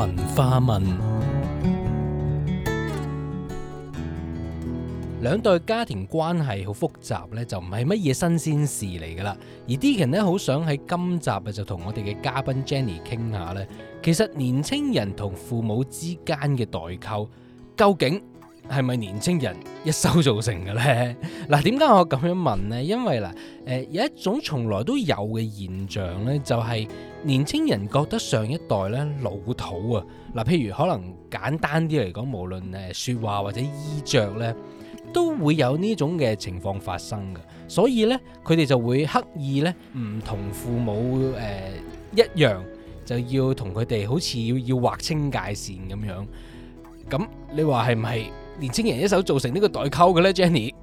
文化問，兩代家庭關係好複雜咧，就唔係乜嘢新鮮事嚟噶啦。而 Deakin 呢，好想喺今集就同我哋嘅嘉賓 Jenny 傾下咧，其實年青人同父母之間嘅代溝究竟？係咪年青人一手造成嘅咧？嗱，點解我咁樣問呢？因為嗱，誒、呃，有一種從來都有嘅現象呢，就係、是、年青人覺得上一代呢老土啊。嗱、呃，譬如可能簡單啲嚟講，無論誒說話或者衣着呢，都會有呢種嘅情況發生嘅。所以呢，佢哋就會刻意呢唔同父母誒、呃、一樣，就要同佢哋好似要要劃清界線咁樣。咁你話係唔係？年青人一手造成呢個代溝嘅咧，Jenny。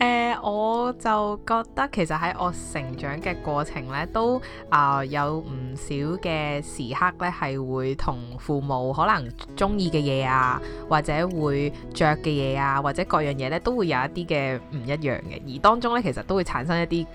誒，我就覺得其實喺我成長嘅過程咧，都啊有唔少嘅時刻咧，係會同父母可能中意嘅嘢啊，或者會着嘅嘢啊，或者各樣嘢咧，都會有一啲嘅唔一樣嘅。而當中咧，其實都會產生一啲，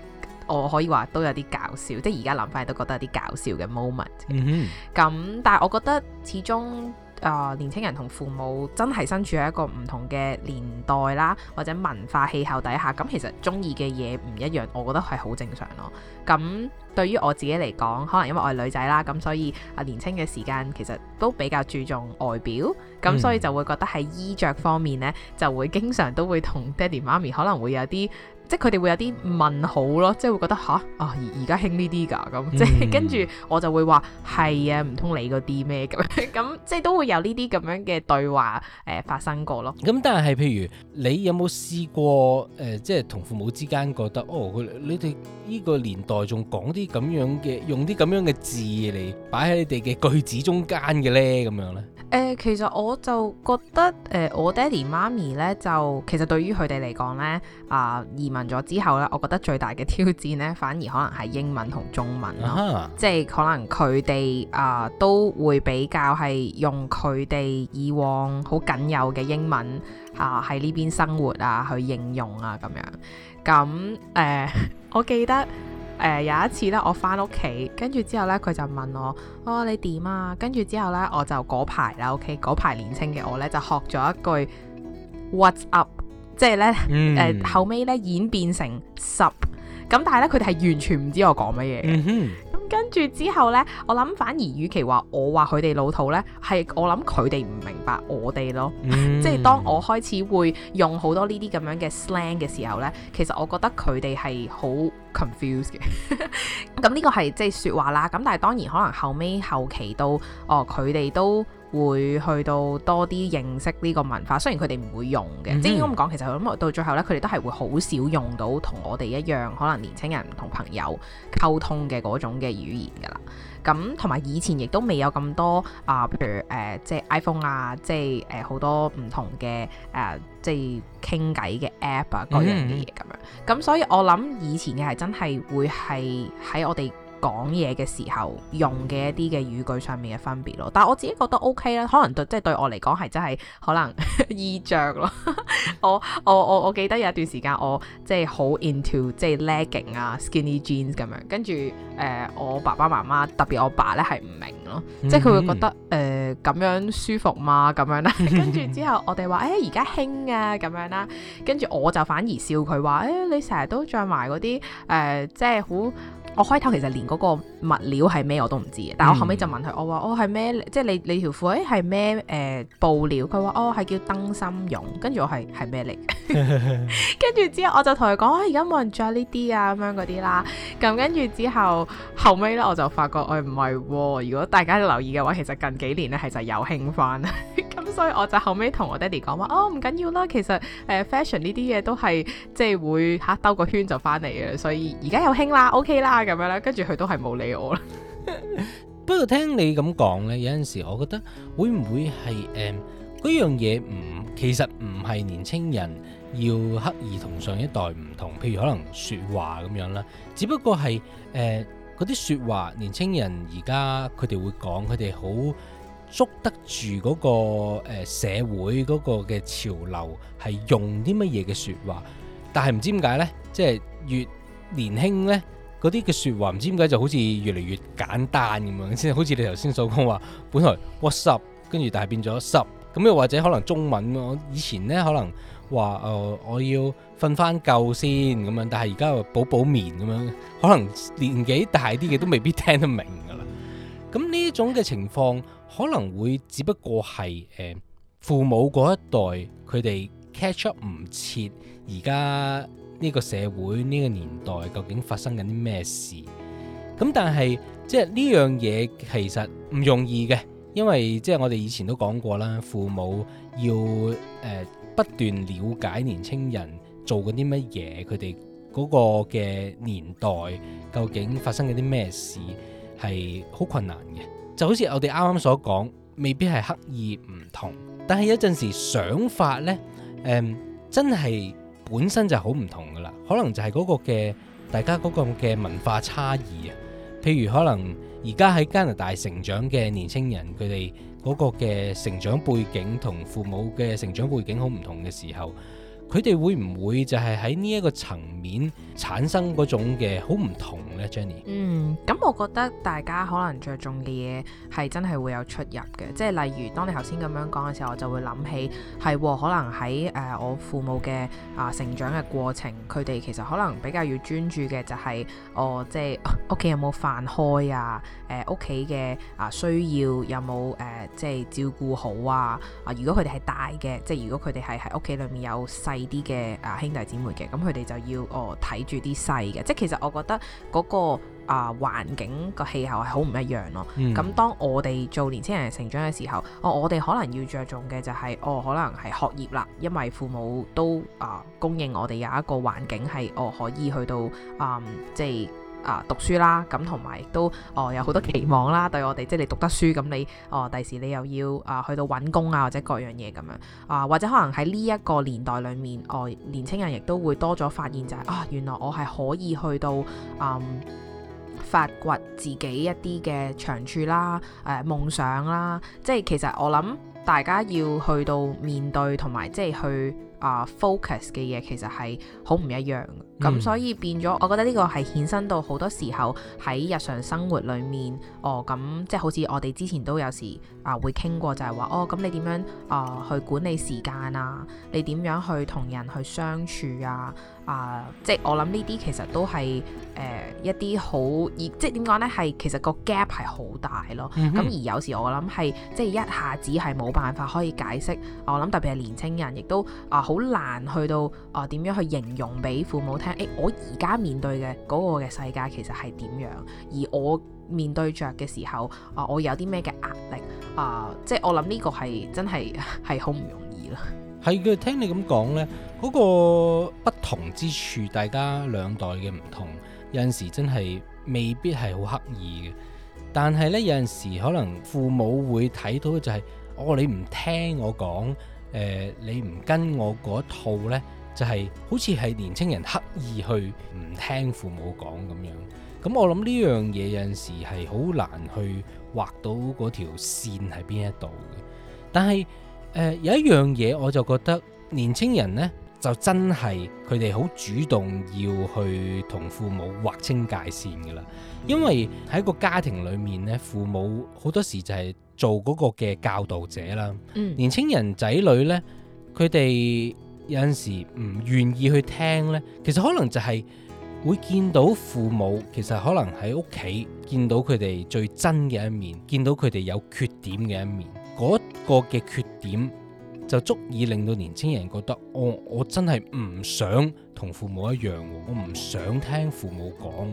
我可以話都有啲搞笑，即係而家諗返都覺得有啲搞笑嘅 moment。嗯哼。咁，但係我覺得始終。啊、呃，年青人同父母真係身處喺一個唔同嘅年代啦，或者文化氣候底下，咁其實中意嘅嘢唔一樣，我覺得係好正常咯。咁對於我自己嚟講，可能因為我係女仔啦，咁所以啊年青嘅時間其實都比較注重外表，咁所以就會覺得喺衣着方面呢，嗯、就會經常都會同爹哋媽咪可能會有啲。即係佢哋會有啲問號咯，即係會覺得嚇啊而家興呢啲㗎咁，即係跟住我就會話係啊，唔通你嗰啲咩咁？咁即係都會有呢啲咁樣嘅對話誒、呃、發生過咯。咁、嗯、但係譬如你有冇試過誒、呃？即係同父母之間覺得哦，佢你哋呢個年代仲講啲咁樣嘅，用啲咁樣嘅字嚟擺喺你哋嘅句子中間嘅咧，咁樣咧？誒、呃，其實我就覺得誒、呃，我爹哋媽咪咧，就其實對於佢哋嚟講咧啊，移民咗之後咧，我覺得最大嘅挑戰咧，反而可能係英文同中文，uh huh. 即係可能佢哋啊都會比較係用佢哋以往好僅有嘅英文啊喺呢邊生活啊去應用啊咁樣。咁誒，呃、 我記得。誒、呃、有一次咧，我返屋企，跟住之後咧，佢就問我：我、哦、你點啊？跟住之後咧，我就嗰排啦，OK，嗰排年青嘅我咧就學咗一句 What's up，即係咧誒，後尾咧演變成 sup，咁但係咧佢哋係完全唔知我講乜嘢。嗯。跟住之後呢，我諗反而，與其話我話佢哋老土呢，係我諗佢哋唔明白我哋咯。Mm. 即係當我開始會用好多呢啲咁樣嘅 slang 嘅時候呢，其實我覺得佢哋係好 confused 嘅。咁 呢個係即係説話啦。咁但係當然可能後尾、後期到哦，佢哋都。會去到多啲認識呢個文化，雖然佢哋唔會用嘅，mm hmm. 即係咁講，其實我諗到最後咧，佢哋都係會好少用到同我哋一樣，可能年輕人同朋友溝通嘅嗰種嘅語言㗎喇。咁同埋以前亦都未有咁多啊，譬、呃、如誒、呃，即係 iPhone 啊，即係誒好多唔同嘅誒、呃，即係傾偈嘅 App 啊，各樣嘅嘢咁樣。咁、mm hmm. 所以我諗以前嘅係真係會係喺我哋。講嘢嘅時候用嘅一啲嘅語句上面嘅分別咯，但係我自己覺得 OK 啦，可能對即係、就是、對我嚟講係真係可能衣着 象咯。 我我我我記得有一段時間我即係好 into 即係 legging 啊 skinny jeans 咁樣，跟住誒我爸爸媽媽特別我爸咧係唔明咯，即係佢會覺得誒咁，嗯哼呃、樣舒服嘛，咁樣啦， 跟住之後我哋話誒而家興啊咁樣啦，跟住我就反而笑佢話誒你成日都着埋嗰啲誒即係好。我開頭其實連嗰個物料係咩我都唔知嘅，但係我後尾就問佢，我話、嗯、哦，係咩？即係你你條褲，誒係咩誒布料？佢話哦係叫燈芯絨，跟住我係係咩嚟？跟住之後我就同佢講，而家冇人着、啊、呢啲啊咁樣嗰啲啦。咁跟住之後後尾咧，我就發覺我唔係。如果大家留意嘅話，其實近幾年咧係就有興翻。咁所以我就後尾同我爹哋講話，哦唔緊要啦，其實誒、呃、fashion 呢啲嘢都係即係會嚇兜個圈就翻嚟嘅，所以而家有興啦，OK 啦。咁樣啦，跟住佢都係冇理我啦。 不過聽你咁講呢，有陣時我覺得會唔會係誒嗰樣嘢，唔，其實唔係年青人要刻意同上一代唔同，譬如可能說話咁樣啦。只不過係誒嗰啲說話，年青人而家佢哋會講，佢哋好捉得住嗰個、那個誒、呃、社會嗰個嘅潮流，係用啲乜嘢嘅說話。但係唔知點解呢，即係越年輕呢。嗰啲嘅説話唔知點解就好似越嚟越簡單咁樣，即好似你頭先所講話，本來 what’s 跟住但係變咗 u 咁，又或者可能中文，我以前呢，可能話誒、呃、我要瞓翻夠先咁樣，但係而家又補補眠咁樣，可能年紀大啲嘅都未必聽得明噶啦。咁呢種嘅情況可能會只不過係誒、呃、父母嗰一代佢哋 catch up 唔切，而家。呢個社會呢個年代究竟發生緊啲咩事？咁但係即係呢樣嘢其實唔容易嘅，因為即係我哋以前都講過啦，父母要誒、呃、不斷了解年青人做緊啲乜嘢，佢哋嗰個嘅年代究竟發生緊啲咩事係好困難嘅。就好似我哋啱啱所講，未必係刻意唔同，但係有陣時想法呢，誒、呃、真係。本身就好唔同㗎喇，可能就係嗰個嘅大家嗰個嘅文化差異啊。譬如可能而家喺加拿大成長嘅年青人，佢哋嗰個嘅成長背景同父母嘅成長背景好唔同嘅時候。佢哋會唔會就係喺呢一個層面產生種嘅好唔同咧，Jenny？嗯，咁我覺得大家可能着重嘅嘢係真係會有出入嘅，即係例如當你頭先咁樣講嘅時候，我就會諗起係、哦、可能喺誒、呃、我父母嘅啊、呃、成長嘅過程，佢哋其實可能比較要專注嘅就係、是、哦、呃、即係屋企有冇飯開啊？誒屋企嘅啊需要有冇誒、呃、即係照顧好啊？啊、呃、如果佢哋係大嘅，即係如果佢哋係喺屋企裏面有細。細啲嘅啊兄弟姊妹嘅，咁佢哋就要哦睇住啲細嘅，即係其實我覺得嗰個啊環境個氣候係好唔一樣咯。咁當我哋做年青人成長嘅時候，哦我哋可能要着重嘅就係哦可能係學業啦，因為父母都啊供應我哋有一個環境係我可以去到嗯即係。啊，讀書啦，咁同埋亦都哦，有好多期望啦，對我哋即係你讀得書，咁你哦，第時你又要啊去到揾工啊，或者各樣嘢咁樣啊，或者可能喺呢一個年代裏面，哦，年青人亦都會多咗發現就係啊，原來我係可以去到嗯發掘自己一啲嘅長處啦，誒夢想啦，即係其實我諗大家要去到面對同埋即係去啊 focus 嘅嘢，其實係好唔一樣。咁、嗯、所以變咗，我覺得呢個係衍生到好多時候喺日常生活裏面，哦，咁即係好似我哋之前都有時啊會傾過就係話，哦，咁你點樣啊、呃、去管理時間啊？你點樣去同人去相處啊？啊即係我諗呢啲其實都係誒、呃、一啲好而即係點講咧？係其實個 gap 係好大咯。咁、嗯、哼而有時我諗係即係一下子係冇辦法可以解釋，我諗特別係年青人，亦都啊好難去到啊點樣去形容俾父母聽。誒，我而家面對嘅嗰個嘅世界其實係點樣？而我面對着嘅時候，啊，我有啲咩嘅壓力啊？即係我諗呢個係真係係好唔容易咯。係嘅，聽你咁講呢，嗰個不同之處，大家兩代嘅唔同，有陣時真係未必係好刻意嘅。但係呢，有陣時可能父母會睇到嘅就係，哦，你唔聽我講，誒，你唔跟我嗰套呢。就係好似係年青人刻意去唔聽父母講咁樣，咁我諗呢樣嘢有陣時係好難去畫到嗰條線喺邊一度。但係、呃、有一樣嘢我就覺得年青人呢，就真係佢哋好主動要去同父母劃清界線㗎喇，因為喺個家庭裡面呢，父母好多時就係做嗰個嘅教導者啦。嗯、年青人仔女呢，佢哋。有陣時唔願意去聽呢，其實可能就係會見到父母，其實可能喺屋企見到佢哋最真嘅一面，見到佢哋有缺點嘅一面，嗰、那個嘅缺點就足以令到年青人覺得，我、哦、我真係唔想同父母一樣，我唔想聽父母講，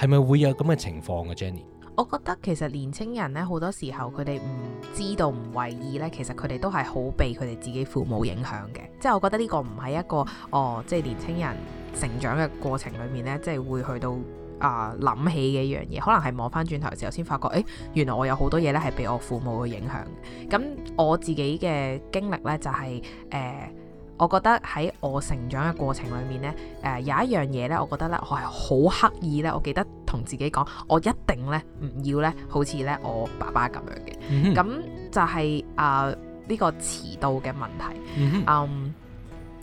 係咪會有咁嘅情況嘅、啊、Jenny？我覺得其實年青人呢，好多時候佢哋唔知道唔為意呢。其實佢哋都係好被佢哋自己父母影響嘅。即係我覺得呢個唔係一個哦，即係年青人成長嘅過程裏面呢，即係會去到啊諗起嘅一樣嘢。可能係望翻轉頭嘅時候先發覺，誒，原來我有好多嘢呢係被我父母去影響。咁我自己嘅經歷呢，就係誒。呃我覺得喺我成長嘅過程裏面呢，誒、呃、有一樣嘢呢，我覺得呢，我係好刻意呢。我記得同自己講，我一定呢，唔要呢，好似呢我爸爸咁樣嘅。咁、嗯、哼就係啊呢個遲到嘅問題。嗯哼，um,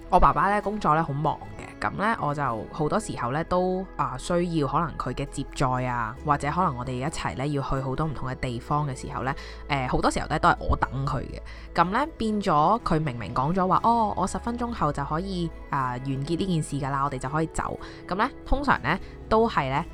我爸爸呢，工作呢，好忙。咁咧，我就好多時候咧都啊、呃、需要可能佢嘅接載啊，或者可能我哋一齊咧要去好多唔同嘅地方嘅時候咧，誒、呃、好多時候咧都係我等佢嘅。咁咧變咗佢明明講咗話，哦，我十分鐘後就可以啊、呃、完結呢件事㗎啦，我哋就可以走。咁咧通常咧都係咧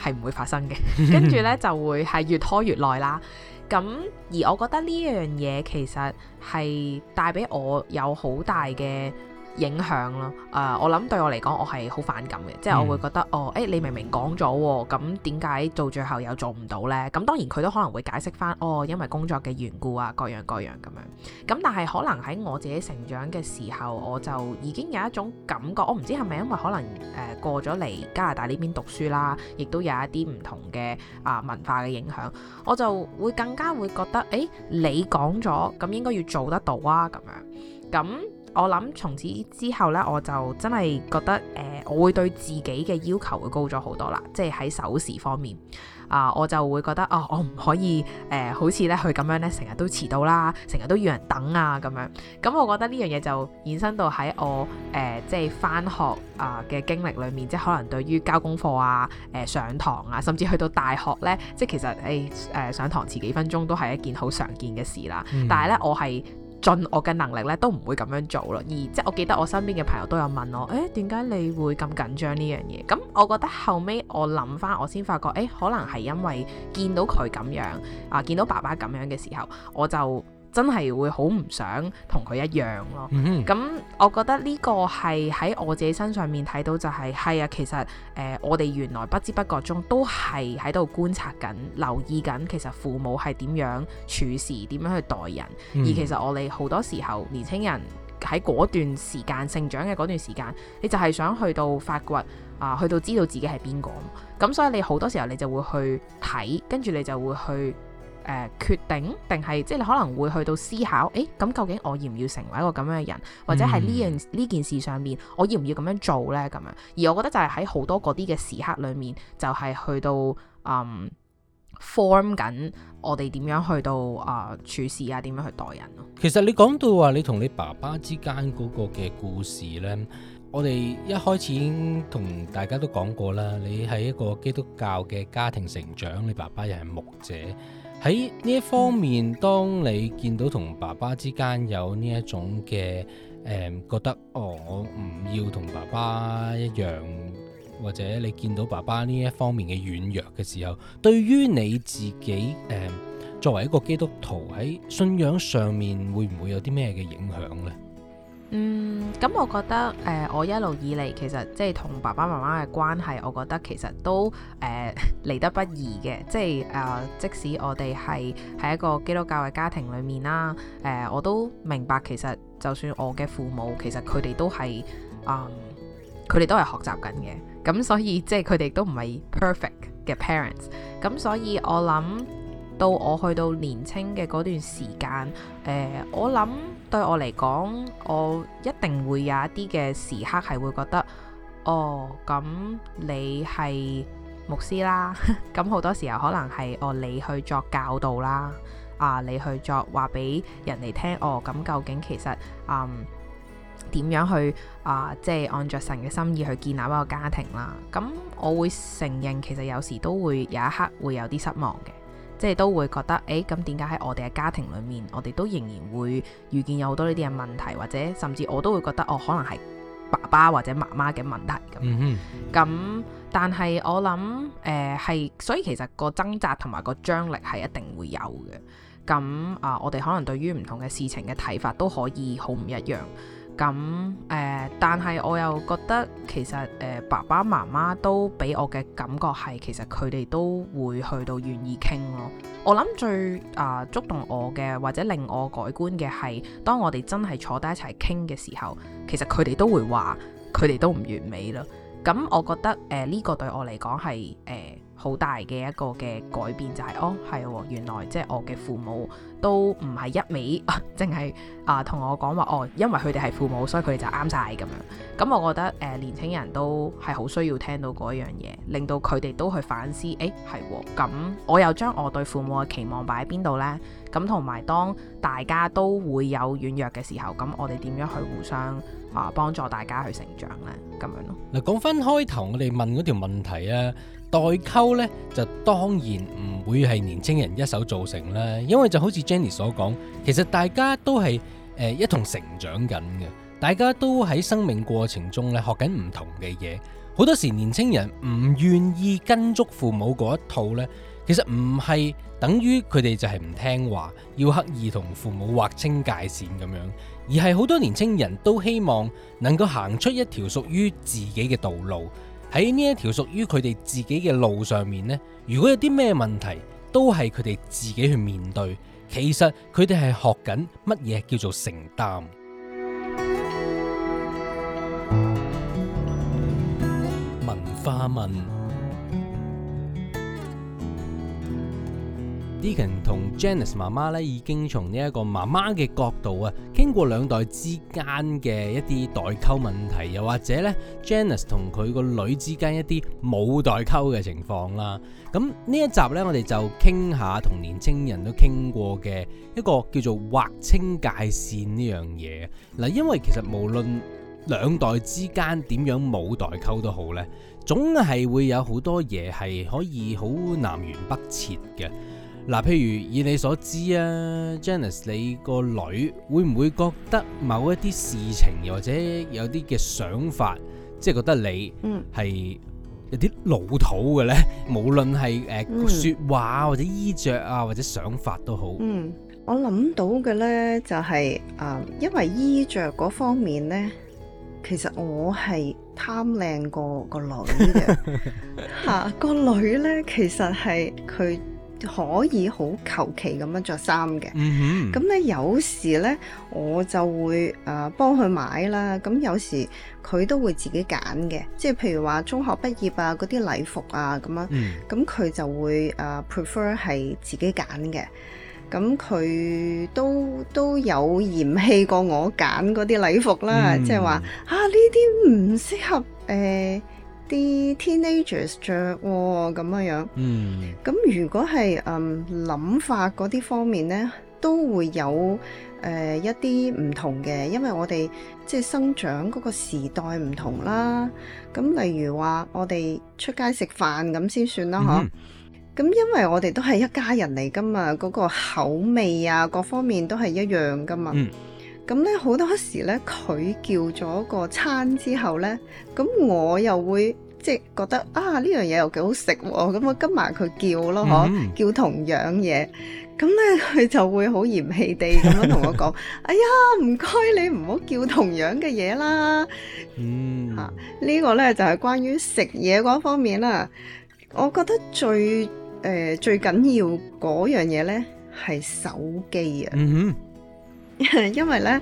誒係唔會發生嘅， 跟住咧就會係越拖越耐啦。咁而我覺得呢樣嘢其實係帶俾我有好大嘅影響咯，誒、呃，我諗對我嚟講，我係好反感嘅，嗯、即係我會覺得，「哦，誒、欸，你明明講咗，咁點解到最後又做唔到呢？」咁當然佢都可能會解釋翻，哦，因為工作嘅緣故啊，各樣各樣咁樣，樣。咁但係可能喺我自己成長嘅時候，我就已經有一種感覺，我唔知係咪因為可能誒、呃、過咗嚟加拿大呢邊讀書啦，亦都有一啲唔同嘅啊、呃、文化嘅影響，我就會更加會覺得，誒、欸，你講咗，咁應該要做得到啊，咁樣咁。我諗從此之後咧，我就真係覺得誒、呃，我會對自己嘅要求會高咗好多啦。即係喺守時方面啊、呃，我就會覺得哦，我唔可以誒、呃，好似咧佢咁樣咧，成日都遲到啦，成日都要人等啊咁樣。咁我覺得呢樣嘢就延伸到喺我誒，即係翻學啊嘅經歷裏面，即係可能對於交功課啊、誒上堂啊，甚至去到大學咧，即係其實誒誒上堂遲幾分鐘都係一件好常見嘅事啦。但係咧，我係。盡我嘅能力咧，都唔會咁樣做咯。而即係我記得我身邊嘅朋友都有問我，誒點解你會咁緊張呢樣嘢？咁、嗯、我覺得後尾我諗翻，我先發覺，誒、欸、可能係因為見到佢咁樣啊，見到爸爸咁樣嘅時候，我就。真係會好唔想同佢一樣咯。咁 我覺得呢個係喺我自己身上面睇到、就係，就係係啊。其實誒、呃，我哋原來不知不覺中都係喺度觀察緊、留意緊，其實父母係點樣處事、點樣去待人。 而其實我哋好多時候，年輕人喺嗰段時間成長嘅嗰段時間，你就係想去到發掘啊，去到知道自己係邊個。咁所以你好多時候你就會去睇，跟住你就會去。誒、呃，決定定係即係你可能會去到思考，誒，咁究竟我要唔要成為一個咁樣嘅人，嗯、或者係呢樣呢件事上面，我要唔要咁樣做呢？咁樣，而我覺得就係喺好多嗰啲嘅時刻裏面，就係、是、去到嗯 form 緊我哋點樣去到啊、呃、處事啊，點樣去待人咯。其實你講到話你同你爸爸之間嗰個嘅故事呢，我哋一開始已經同大家都講過啦，你係一個基督教嘅家庭成長，你爸爸又係牧者。喺呢一方面，當你見到同爸爸之間有呢一種嘅誒、呃、覺得，哦，我唔要同爸爸一樣，或者你見到爸爸呢一方面嘅軟弱嘅時候，對於你自己誒、呃、作為一個基督徒喺信仰上面，會唔會有啲咩嘅影響呢？嗯，咁我覺得誒、呃，我一路以嚟其實即係同爸爸媽媽嘅關係，我覺得其實都誒嚟、呃、得不易嘅，即係誒、呃、即使我哋係喺一個基督教嘅家庭裏面啦，誒、呃、我都明白其實就算我嘅父母，其實佢哋都係，嗯、呃，佢哋都係學習緊嘅，咁所以即係佢哋都唔係 perfect 嘅 parents，咁所以我諗到我去到年青嘅嗰段時間，誒、呃、我諗。對我嚟講，我一定會有一啲嘅時刻係會覺得，哦，咁你係牧師啦，咁 好多時候可能係，哦，你去作教導啦，啊，你去作話俾人哋聽，哦，咁究竟其實啊點樣去啊，即係按着神嘅心意去建立一個家庭啦？咁 我會承認，其實有時都會有一刻會有啲失望嘅。即係都會覺得，誒咁點解喺我哋嘅家庭裏面，我哋都仍然會遇見有好多呢啲嘅問題，或者甚至我都會覺得，哦，可能係爸爸或者媽媽嘅問題咁。咁、嗯、哼但係我諗，誒、呃、係，所以其實個掙扎同埋個張力係一定會有嘅。咁啊、呃，我哋可能對於唔同嘅事情嘅睇法都可以好唔一樣。咁誒、嗯，但係我又覺得其實誒、嗯，爸爸媽媽都俾我嘅感覺係，其實佢哋都會去到願意傾咯。我諗最啊、呃、觸動我嘅，或者令我改觀嘅係，當我哋真係坐低一齊傾嘅時候，其實佢哋都會話佢哋都唔完美啦。咁、嗯、我覺得誒呢、呃呢個對我嚟講係誒。呃好大嘅一個嘅改變就係、是、哦，係喎、哦，原來即係我嘅父母都唔係一味，淨係啊同我講話哦，因為佢哋係父母，所以佢哋就啱晒。咁樣。咁我覺得誒、呃，年輕人都係好需要聽到嗰樣嘢，令到佢哋都去反思。誒係喎，咁、哦嗯、我又將我對父母嘅期望擺喺邊度呢？咁同埋當大家都會有軟弱嘅時候，咁我哋點樣去互相啊、呃、幫助大家去成長呢？咁樣咯。嗱，講翻開頭，我哋問嗰條問題啊～代溝呢，就當然唔會係年青人一手造成啦，因為就好似 Jenny 所講，其實大家都係誒、呃、一同成長緊嘅，大家都喺生命過程中咧學緊唔同嘅嘢。好多時年青人唔願意跟足父母嗰一套呢，其實唔係等於佢哋就係唔聽話，要刻意同父母劃清界線咁樣，而係好多年青人都希望能夠行出一條屬於自己嘅道路。喺呢一條屬於佢哋自己嘅路上面呢，如果有啲咩問題，都係佢哋自己去面對。其實佢哋係學緊乜嘢叫做承擔。文化問。Deakin 同 Janice 媽媽，咧已經從呢一個媽媽嘅角度啊，傾過兩代之間嘅一啲代溝問題，又或者咧 Janice 同佢個女之間一啲冇代溝嘅情況啦。咁、嗯、呢一集咧，我哋就傾下同年青人都傾過嘅一個叫做劃清界線呢樣嘢嗱。因為其實無論兩代之間點樣冇代溝都好咧，總係會有好多嘢係可以好南轅北轍嘅。嗱，譬如以你所知啊，Janice，你個女會唔會覺得某一啲事情，又或者有啲嘅想法，即係覺得你係有啲老土嘅咧？嗯、無論係誒說話、嗯、或者衣着啊，或者想法都好。嗯，我諗到嘅咧就係、是、誒、呃，因為衣着嗰方面咧，其實我係貪靚過個女、 啊、個女嘅，吓個女咧其實係佢。可以好求其咁樣着衫嘅，咁咧、mm hmm. 嗯、有時咧我就會誒、呃、幫佢買啦，咁、嗯、有時佢都會自己揀嘅，即係譬如話中學畢業啊嗰啲禮服啊咁樣，咁佢、嗯嗯、就會誒、呃、prefer 係自己揀嘅，咁、嗯、佢都都有嫌棄過我揀嗰啲禮服啦，即係話啊呢啲唔適合誒。呃啲 teenagers 著咁樣，咁如果係嗯諗法嗰啲方面咧，都會有誒一啲唔同嘅，因為我哋即係生長嗰個時代唔同啦。咁、嗯、例如話我哋出街食飯咁先算啦，吓、嗯。咁因為我哋都係一家人嚟噶嘛，嗰、嗰個口味啊，各方面都係一樣噶嘛。嗯咁咧好多時咧，佢叫咗個餐之後咧，咁我又會即係覺得啊，呢樣嘢又幾好食喎，咁我跟埋佢叫咯，嗬、嗯啊，叫同樣嘢，咁咧佢就會好嫌棄地咁樣同我講： 哎呀，唔該你唔好叫同樣嘅嘢啦。嗯，吓、啊這個，呢個咧就係、是、關於食嘢嗰方面啦。我覺得最誒、呃，最緊要嗰樣嘢咧係手機啊。嗯哼。 因為咧，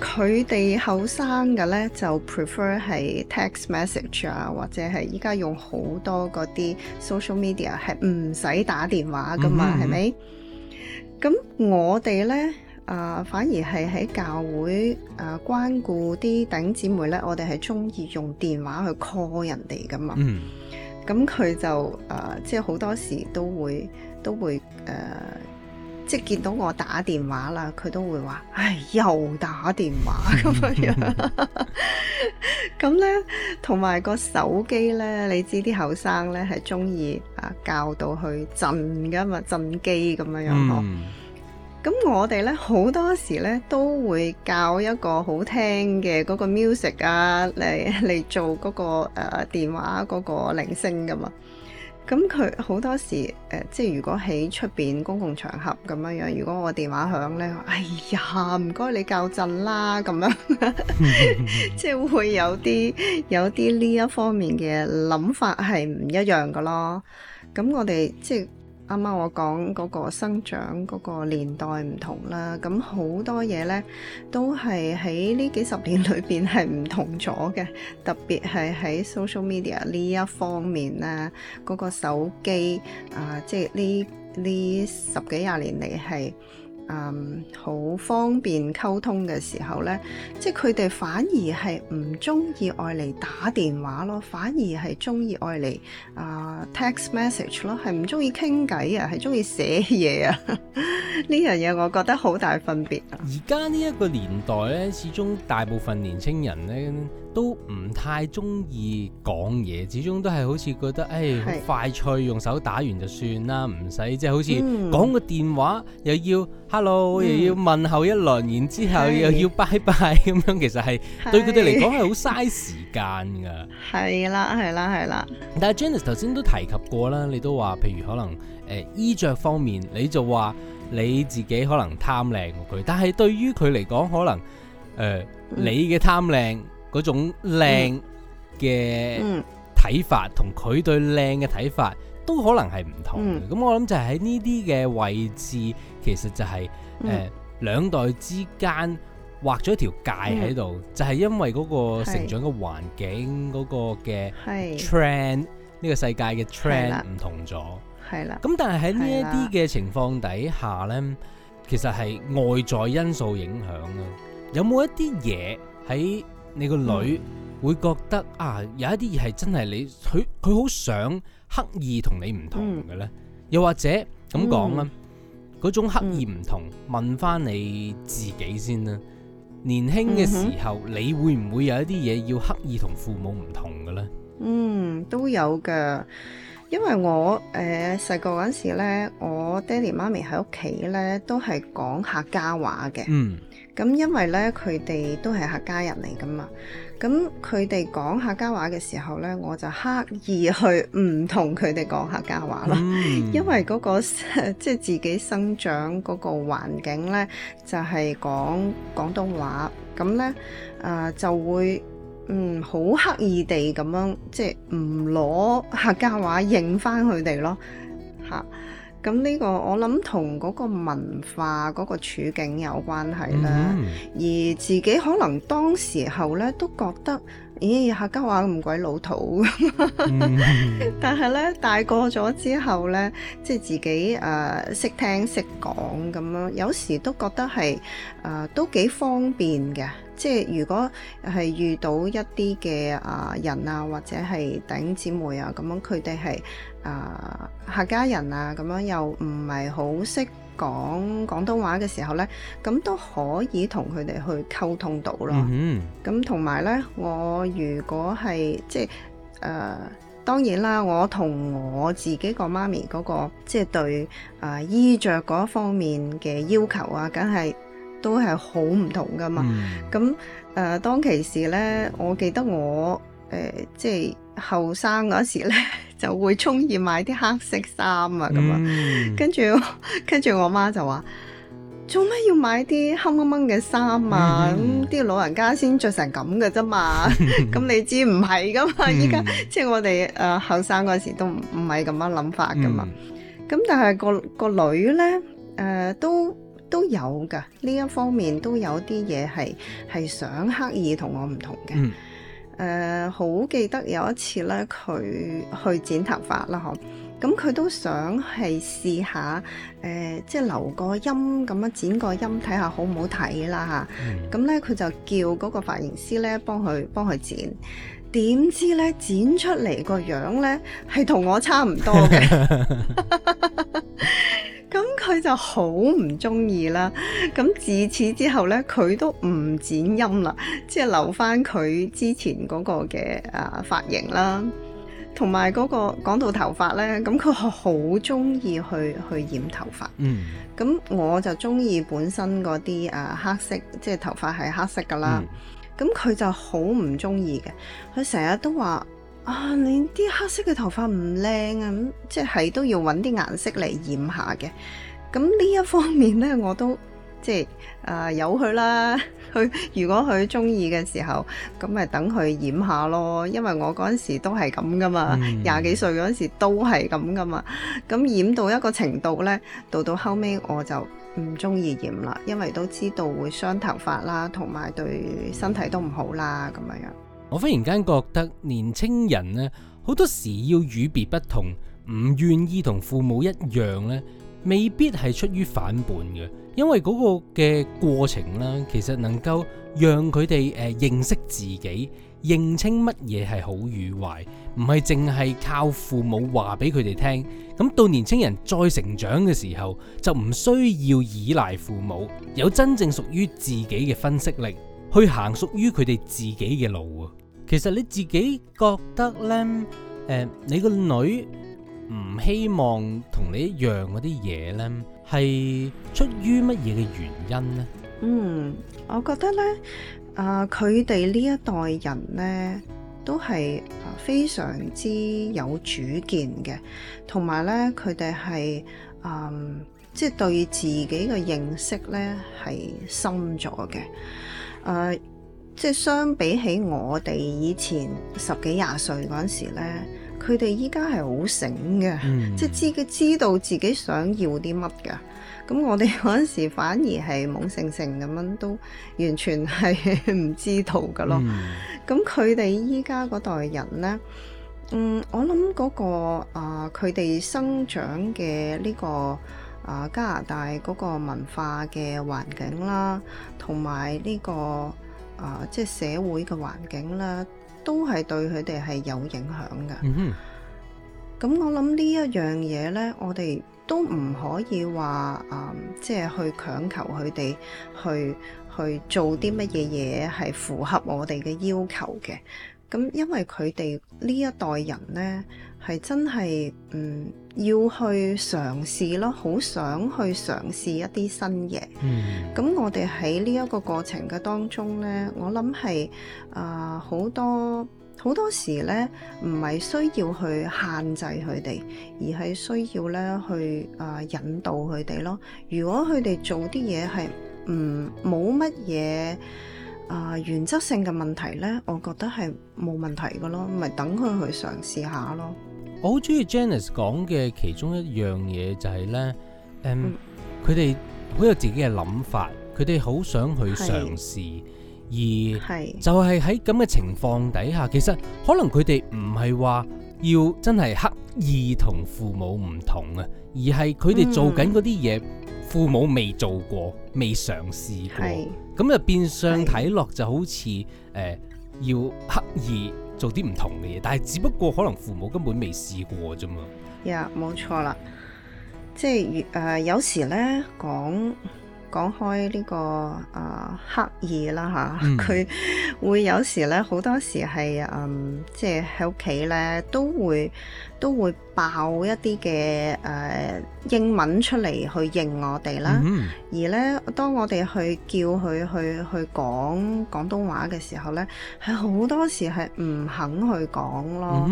佢哋後生嘅咧就 prefer 係 text message 啊，或者係依家用好多嗰啲 social media 係唔使打電話噶嘛，係咪、mm？咁、hmm. 我哋咧，誒、呃，反而係喺教會誒、呃、關顧啲頂姊妹咧，我哋係中意用電話去 call 人哋噶嘛。嗯、mm。咁、hmm. 佢就誒、呃，即係好多時都會都會誒。呃即係見到我打電話啦，佢都會話：唉，又打電話咁樣。咁咧，同埋個手機咧，你知啲後生咧係中意啊教到去震噶嘛，震機咁樣樣咯。咁我哋咧好多時咧都會教一個好聽嘅嗰個 music 啊嚟嚟做嗰個誒電話嗰個鈴聲噶嘛。咁佢好多時，誒、呃，即係如果喺出邊公共場合咁樣樣，如果我電話響咧，哎呀，唔該你較陣啦，咁樣， 即係會有啲有啲呢一方面嘅諗法係唔一樣噶咯，咁我哋即。啱啱我講嗰個生長嗰個年代唔同啦，咁好多嘢咧都係喺呢幾十年裏邊係唔同咗嘅，特別係喺 social media 呢一方面啦，嗰個手機啊、呃，即係呢呢十幾廿年嚟係。嗯，好、um, 方便溝通嘅時候呢，即係佢哋反而係唔中意愛嚟打電話咯，反而係中意愛嚟啊 text message 咯，係唔中意傾偈啊，係中意寫嘢啊，呢樣嘢我覺得好大分別。而家呢一個年代呢，始終大部分年青人呢，都唔太中意講嘢，始終都係好似覺得，誒是，哎、好快脆用手打完就算啦，唔使、嗯、即係，好似講個電話又要 hello，、嗯、又要問候一輪，然之後又要拜拜咁是樣，其實係是對佢哋嚟講係好嘥時間噶。係啦，係啦，係啦。但係 Janice 頭先都提及過啦，你都話，譬如可能誒、呃、衣着方面，你就話你自己可能貪靚過佢，但係對於佢嚟講，可能誒、呃、你嘅貪靚。嗯嗰種靚嘅睇法，同佢、嗯、對靚嘅睇法都可能係唔同嘅。咁、嗯、我諗就係喺呢啲嘅位置，其實就係、是、誒、嗯呃、兩代之間畫咗一條界喺度，嗯、就係因為嗰個成長嘅環境嗰是個嘅 trend 呢，是個世界嘅 trend 唔同咗，係啦。咁但係喺呢一啲嘅情況底下呢，其實係外在因素影響啊。有冇一啲嘢喺？你個女會覺得啊，有一啲嘢係真係你佢佢好想刻意同你唔同嘅咧，又或者咁講啦，嗰種刻意唔同，問翻你自己先啦。年輕嘅時候，你會唔會有一啲嘢要刻意同父母唔同嘅咧？嗯，都有㗎，因為我誒細個嗰陣時咧，我爹哋媽咪喺屋企咧都係講客家話嘅。嗯。咁因為咧，佢哋都係客家人嚟噶嘛，咁佢哋講客家話嘅時候咧，我就刻意去唔同佢哋講客家話咯， 因為嗰、嗰個即係、即係、自己生長嗰個環境咧，就係講廣東話，咁咧啊就會嗯好刻意地咁樣即係唔攞客家話應返佢哋咯，嚇、啊。咁呢個我諗同嗰個文化嗰、嗰個處境有關係啦，mm hmm. 而自己可能當時候咧都覺得，咦客家話咁鬼老土， mm hmm. 但係咧大個咗之後咧，即係自己誒識、呃、聽識講咁樣，有時都覺得係誒、呃、都幾方便嘅，即係如果係遇到一啲嘅啊人啊，或者係弟兄姊妹啊，咁樣佢哋係。啊、uh, 客家人啊咁樣又唔係好識講廣東話嘅時候呢，咁都可以同佢哋去溝通到咯。咁同埋呢，我如果係即係誒、呃，當然啦，我同我自己媽媽、那個媽咪嗰個即係對啊衣着嗰方面嘅要求啊，梗係都係好唔同噶嘛。咁誒、mm hmm. 呃，當其時呢，我記得我誒、呃、即係。後生嗰時咧，就會中意買啲黑色衫啊，咁、嗯、啊，跟住跟住，我媽就話：做咩要買啲黑掹掹嘅衫啊？咁啲老人家先着成咁嘅啫嘛。咁、嗯、 你知唔係噶嘛？依家、嗯、即係我哋誒後生嗰時都唔係咁樣諗法噶嘛。咁、嗯、但係個個女咧誒、呃、都都有噶呢一方面都有啲嘢係係想刻意同我唔同嘅。嗯誒，好、uh, 記得有一次咧，佢去剪頭髮啦，嗬，咁佢都想係試下，誒、呃，即係留個音咁樣剪個音，睇下好唔好睇啦吓，咁咧佢就叫嗰個髮型師咧幫佢幫佢剪。點知咧剪出嚟，個樣咧係同我差唔多嘅，咁 佢就好唔中意啦。咁自此之後咧，佢都唔剪音啦，即係留翻佢之前嗰個嘅啊髮型啦，同埋嗰個講到頭髮咧，咁佢好中意去去染頭髮。嗯，咁我就中意本身嗰啲啊黑色，即係頭髮係黑色噶啦。嗯咁佢就好唔中意嘅，佢成日都話啊，你啲黑色嘅頭髮唔靚啊，咁即係都要揾啲顏色嚟染下嘅。咁呢一方面呢，我都即係由佢啦，佢如果佢中意嘅時候，咁咪等佢染下咯。因為我嗰陣時都係咁噶嘛，廿幾歲嗰陣時都係咁噶嘛。咁染到一個程度呢，到到後尾我就。唔中意染啦，因為都知道會傷頭髮啦，同埋對身體都唔好啦，咁樣樣。我忽然間覺得年青人咧，好多時要與別不同，唔願意同父母一樣咧，未必係出於反叛嘅，因為嗰個嘅過程啦，其實能夠讓佢哋誒認識自己。認清乜嘢係好與壞，唔係淨係靠父母話俾佢哋聽。咁到年青人再成長嘅時候，就唔需要依賴父母，有真正屬於自己嘅分析力，去行屬於佢哋自己嘅路啊。其實你自己覺得呢，呃，你個女唔希望同你一樣嗰啲嘢呢，係出於乜嘢嘅原因呢？嗯，我覺得呢。啊！佢哋呢一代人咧，都係非常之有主見嘅，同埋咧，佢哋係嗯，即係對自己嘅認識咧係深咗嘅。誒、呃，即係相比起我哋以前十幾廿歲嗰陣時咧，佢哋依家係好醒嘅，嗯、即係自己知道自己想要啲乜㗎。咁我哋嗰陣時反而係懵盛盛咁樣，都完全係唔知道㗎囉。咁佢哋依家嗰代人咧，嗯，我諗嗰個啊，佢哋生長嘅呢個啊加拿大嗰個文化嘅環境啦，同埋呢個啊即係社會嘅環境啦，都係對佢哋係有影響㗎。咁我諗呢一樣嘢咧，我哋。都唔可以話誒、嗯，即係去強求佢哋去去做啲乜嘢嘢係符合我哋嘅要求嘅。咁因為佢哋呢一代人呢，係真係嗯要去嘗試咯，好想去嘗試一啲新嘢。咁、嗯、我哋喺呢一個過程嘅當中呢，我諗係啊好多。好多時咧，唔係需要去限制佢哋，而係需要咧去啊引導佢哋咯。如果佢哋做啲嘢係唔冇乜嘢啊原則性嘅問題咧，我覺得係冇問題噶咯，咪等佢去嘗試下咯。我好中意 Janice 講嘅其中一樣嘢就係、是、咧，誒佢哋好有自己嘅諗法，佢哋好想去嘗試。而就係喺咁嘅情況底下，其實可能佢哋唔係話要真係刻意同父母唔同啊，而係佢哋做緊嗰啲嘢，嗯、父母未做過、未嘗試過。咁就是變相睇落就好似誒是、呃、要刻意做啲唔同嘅嘢，但係只不過可能父母根本未試過啫嘛。呀、嗯，冇錯啦，即係、呃、有時呢講。講講開呢、這個啊、呃、刻意啦嚇，佢會有時咧，好多時係嗯，即係喺屋企咧都會都會爆一啲嘅誒英文出嚟去認我哋啦。Mm hmm. 而咧，當我哋去叫佢去去，去講廣東話嘅時候咧，係好多時係唔肯去講咯。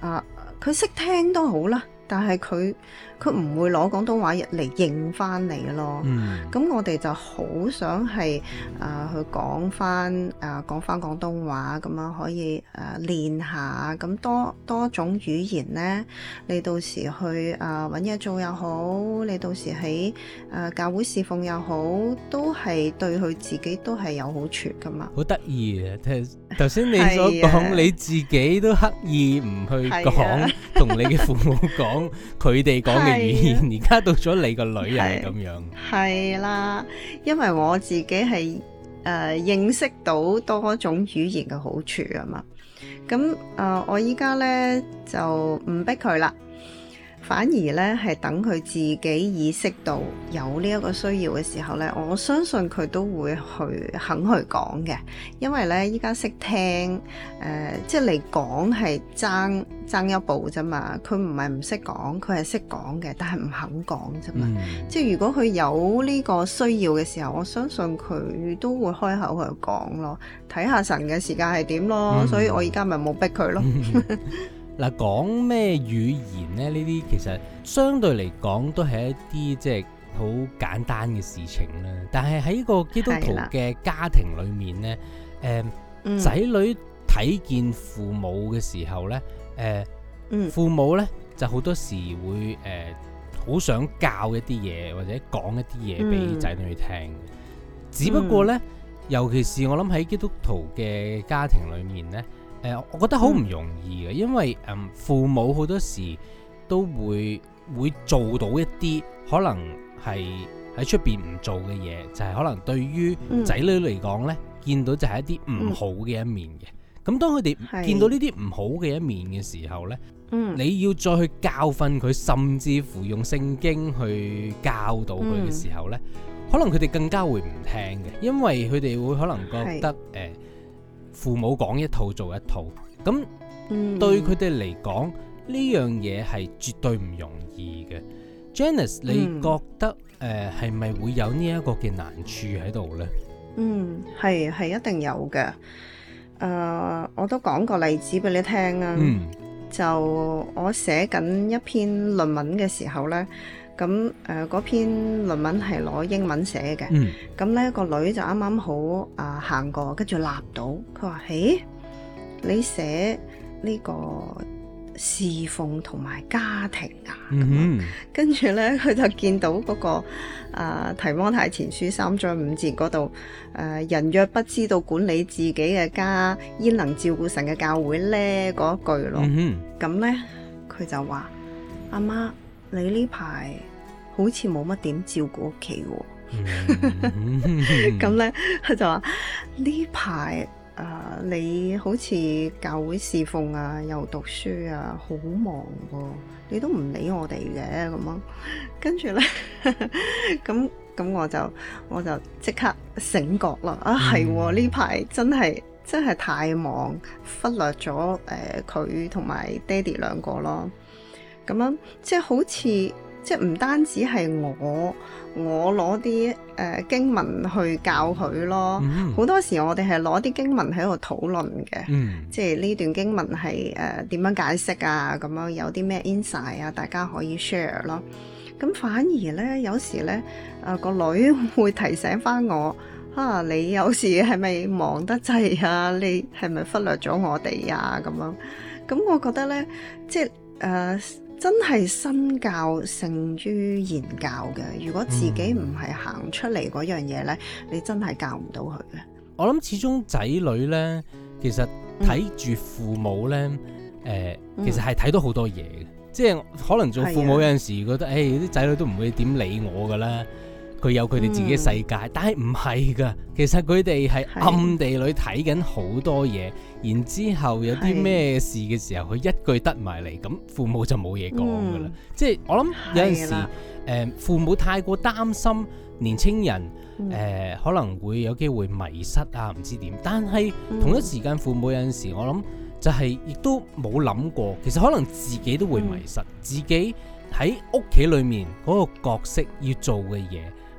啊、mm，佢、hmm. 識、呃、聽都好啦，但係佢。佢唔會攞廣東話嚟應翻你咯，嗯，咁、嗯、我哋就好想係、呃、啊去講翻啊講翻廣東話咁樣可以誒練、啊、下，咁多多種語言咧，你到時去誒揾嘢做又好，你到時喺啊、呃、教會侍奉又好，都係對佢自己都係有好處噶嘛。好得意啊！頭先你所講，你自己都刻意唔去講同 是、啊 啊、你嘅父母講佢哋講嘅。而家 到咗你個女係咁 是樣，係啦，因為我自己係誒、呃、認識到多種語言嘅好處啊嘛，咁誒、呃、我依家咧就唔逼佢啦。反而咧，係等佢自己意識到有呢一個需要嘅時候咧，我相信佢都會去肯去講嘅。因為咧，依家識聽，誒、呃，即係你講係爭爭一步啫嘛。佢唔係唔識講，佢係識講嘅，但係唔肯講啫嘛。嗯、即係如果佢有呢個需要嘅時候，我相信佢都會開口去講咯。睇下神嘅時間係點咯，嗯、所以我而家咪冇逼佢咯。 嗱，講咩語言咧？呢啲其實相對嚟講都係一啲即係好簡單嘅事情啦。但係喺個基督徒嘅家庭裏面咧，誒仔女睇見父母嘅時候咧，誒、呃嗯、父母咧就好多時會誒好、呃、想教一啲嘢或者講一啲嘢俾仔女聽。嗯、只不過咧，尤其是我諗喺基督徒嘅家庭裏面咧。誒、呃，我覺得好唔容易嘅，因為嗯，父母好多時都會會做到一啲可能係喺出邊唔做嘅嘢，就係、是、可能對於仔女嚟講呢、嗯、見到就係一啲唔好嘅一面嘅。咁當佢哋見到呢啲唔好嘅一面嘅時候呢是你要再去教訓佢，甚至乎用聖經去教導佢嘅時候呢、嗯、可能佢哋更加會唔聽嘅，因為佢哋會可能覺得誒。父母講一套做一套，咁對佢哋嚟講呢樣嘢係絕對唔容易嘅。Janice，你覺得誒係咪會有呢一個嘅難處喺度呢？嗯，係係一定有嘅。誒、呃，我都講個例子俾你聽啊。嗯，就我寫緊一篇論文嘅時候呢。咁誒嗰篇論文係攞英文寫嘅，咁咧個女就啱啱好啊行過，跟住立到，佢話：誒，你寫呢個侍奉同埋家庭啊，咁樣，跟住咧佢就見到嗰個誒《提摩太前書》三章五節嗰度誒人若不知道管理自己嘅家，焉能照顧神嘅教會咧嗰句咯，咁咧佢就話：阿媽，你呢排好似冇乜點照顧屋企喎，咁咧佢就話，呢排啊，你好似教會侍奉啊，又讀書啊，好忙喎，啊，你都唔理我哋嘅咁樣，跟住咧咁咁我就我就即刻醒覺啦，啊係呢排真係真係太忙，忽略咗誒佢同埋爹哋兩個咯，咁樣即係好似。即係唔單止係我，我攞啲誒經文去教佢咯。好、mm hmm. 多時我哋係攞啲經文喺度討論嘅，mm hmm. 即係呢段經文係誒點樣解釋啊？咁樣有啲咩 insight 啊？大家可以 share 咯。咁、嗯、反而咧，有時咧，啊、呃、個女會提醒翻我，啊你有時係咪忙得滯啊？你係咪忽略咗我哋啊？咁樣咁、嗯、我覺得咧，即係誒。呃真係身教勝於言教嘅，如果自己唔係行出嚟嗰樣嘢呢，嗯、你真係教唔到佢嘅。我諗始終仔女呢，其實睇住父母呢，呃、其實係睇到好多嘢嘅，嗯、即係可能做父母有陣時覺得，誒是的、哎，啲仔女都唔會點理我噶啦。佢有佢哋自己嘅世界，嗯、但係唔係噶，其實佢哋係暗地裏睇緊好多嘢。是然之後有啲咩事嘅時候，佢是一句得埋嚟，咁父母就冇嘢講噶啦。即係我諗有陣時，誒，父母太過擔心年青人，誒、嗯呃，可能會有機會迷失啊，唔知點。但係同一時間，嗯、父母有陣時，我諗就係亦都冇諗過，其實可能自己都會迷失，自己喺屋企裏面嗰個角色要做嘅嘢。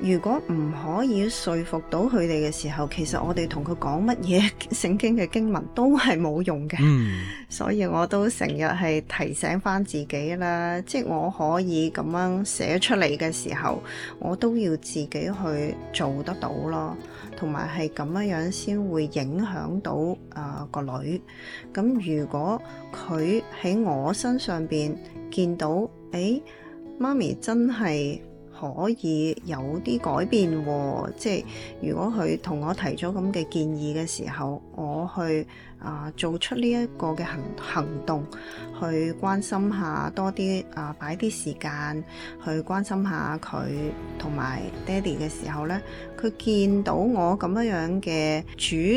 如果唔可以說服到佢哋嘅時候，其實我哋同佢講乜嘢聖經嘅經文都係冇用嘅。Mm. 所以我都成日係提醒翻自己啦，即係我可以咁樣寫出嚟嘅時候，我都要自己去做得到咯，同埋係咁樣樣先會影響到啊、呃、個女。咁如果佢喺我身上邊見到，哎，媽咪真係～可以有啲改變喎，即係如果佢同我提咗咁嘅建議嘅時候，我去啊、呃、做出呢一個嘅行行動，去關心下多啲啊、呃、擺啲時間去關心下佢同埋爹哋嘅時候呢，佢見到我咁樣樣嘅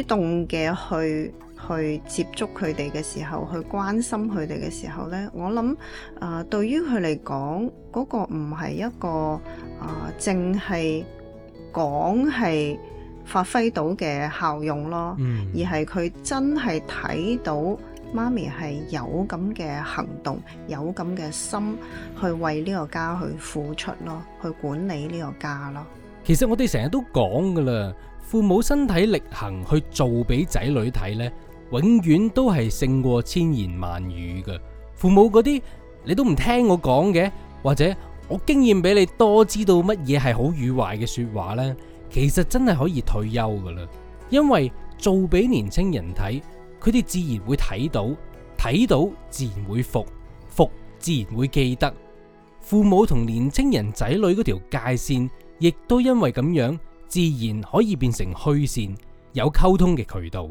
主動嘅去，去接觸佢哋嘅時候，去關心佢哋嘅時候呢，我諗啊，對於佢嚟講，嗰個唔係一個啊，淨係講係發揮到嘅效用咯，而係佢真係睇到媽咪係有咁嘅行動，有咁嘅心去為呢個家去付出咯，去管理呢個家咯。其實我哋成日都講㗎喇，父母身體力行去做俾仔女睇呢。永遠都係勝過千言萬語嘅。父母嗰啲你都唔聽我講嘅，或者我經驗俾你多知道乜嘢係好與壞嘅說話呢，其實真係可以退休噶啦。因為做俾年青人睇，佢哋自然會睇到，睇到自然會服，服自然會記得。父母同年青人仔女嗰條界線，亦都因為咁樣，自然可以變成虛線，有溝通嘅渠道。